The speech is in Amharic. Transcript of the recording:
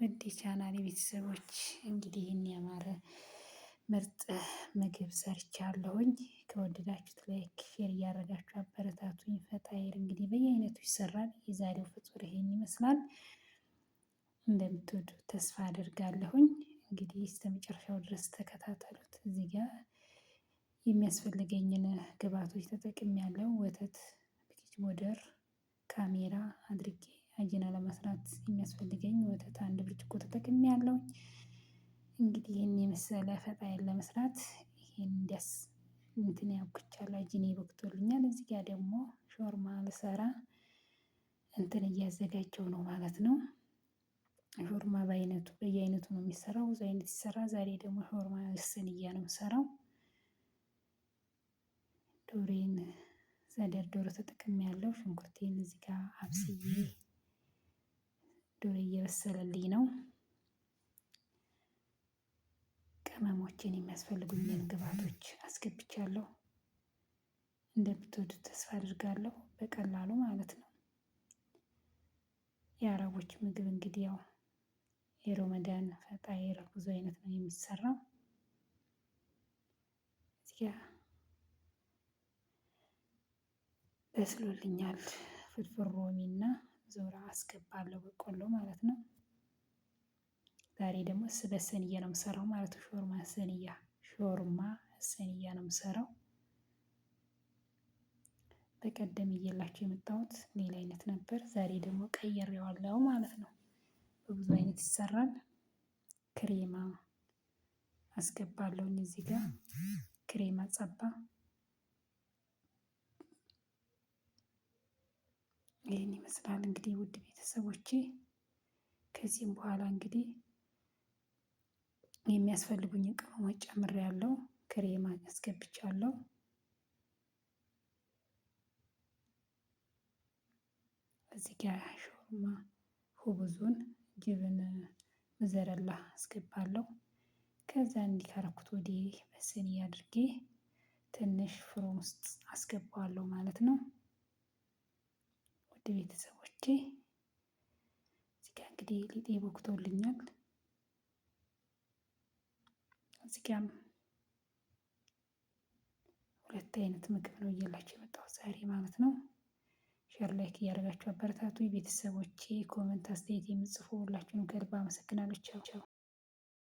ውድ የቻናሌ ቤተሰቦች እንግዲህ ይህን ያማረ ምርጥ ምግብ ሰርቻለሁኝ። ከወደዳችሁት ላይክ፣ ሼር እያደረጋችሁ አበረታቱኝ። ፈጣይር እንግዲህ በየአይነቱ ይሰራል። የዛሬው ፍጡር ይሄን ይመስላል። እንደምትወዱት ተስፋ አደርጋለሁኝ። እንግዲህ እስከ መጨረሻው ድረስ ተከታተሉት። እዚህ ጋር የሚያስፈልገኝን ግብአቶች ተጠቅሜያለሁ። ወተት ሞደር ካሜራ አድርጌ አጂና ለመስራት የሚያስፈልገኝ ወተት አንድ ብርጭቆ ተጠቅሜ ያለው እንግዲህ ይህን የመሰለ ፈጣይን ለመስራት ይህን ደስ እንትን ያውቅቻለሁ። አጂኔ ይበቅቶልኛል። እዚህ ጋር ደግሞ ሾርማ ልሰራ እንትን እያዘጋጀው ነው ማለት ነው። ሾርማ በአይነቱ በየአይነቱ ነው የሚሰራው። ብዙ አይነት ሲሰራ፣ ዛሬ ደግሞ ሾርማ ስንያ ነው የምሰራው። ዶሬን ዘደርዶሮ ተጠቅሜ ያለው ሽንኩርቴን እዚህ ጋር አብስዬ ዶሮ እየበሰለልኝ ነው። ቅመሞችን የሚያስፈልጉኝን ግብአቶች አስገብቻለሁ። እንደምትወዱት ተስፋ አድርጋለሁ። በቀላሉ ማለት ነው። የአረቦች ምግብ እንግዲህ ያው የሮመዳን ፈጣይር ብዙ አይነት ነው የሚሰራው። እዚያ በስሎልኛል ፍርፍር ሮሚና ዞራ አስገባለሁ በቆሎ ማለት ነው። ዛሬ ደግሞ በሰንያ ነው የምሰራው ማለት ነው። ሾርማ ሰንያ ሾርማ ሰንያ ነው የምሰራው። በቀደም እየላቸው የመጣሁት ሌላ አይነት ነበር። ዛሬ ደግሞ ቀየሬዋለሁ ማለት ነው። በብዙ አይነት ይሰራል። ክሬማ አስገባለሁኝ እዚህ ጋር ክሬማ ጸባ ይህን ይመስላል እንግዲህ ውድ ቤተሰቦቼ። ከዚህም በኋላ እንግዲህ የሚያስፈልጉኝ ቅመሞች ጨምሬያለሁ። ክሬም አስገብቻለሁ። እዚህ ጋር ሾርማ ሁብዙን ጅብን መዘረላ አስገባለሁ። ከዛ እንዲካረኩት ወዲህ በስኒ አድርጌ ትንሽ ፍሮም ውስጥ አስገባዋለሁ ማለት ነው። ውድ ቤተሰቦቼ እዚጋ እንግዲህ ሊጤ ቦክቶልኛል። እዚጋም ሁለት አይነት ምግብ ነው እየላችሁ የመጣሁት ዛሬ ማለት ነው። ሼር ላይክ እያደረጋችሁ አበረታቱ ቤተሰቦቼ። ኮመንት አስተያየት የምጽፉ ሁላችሁንም ከልብ አመሰግናለሁ።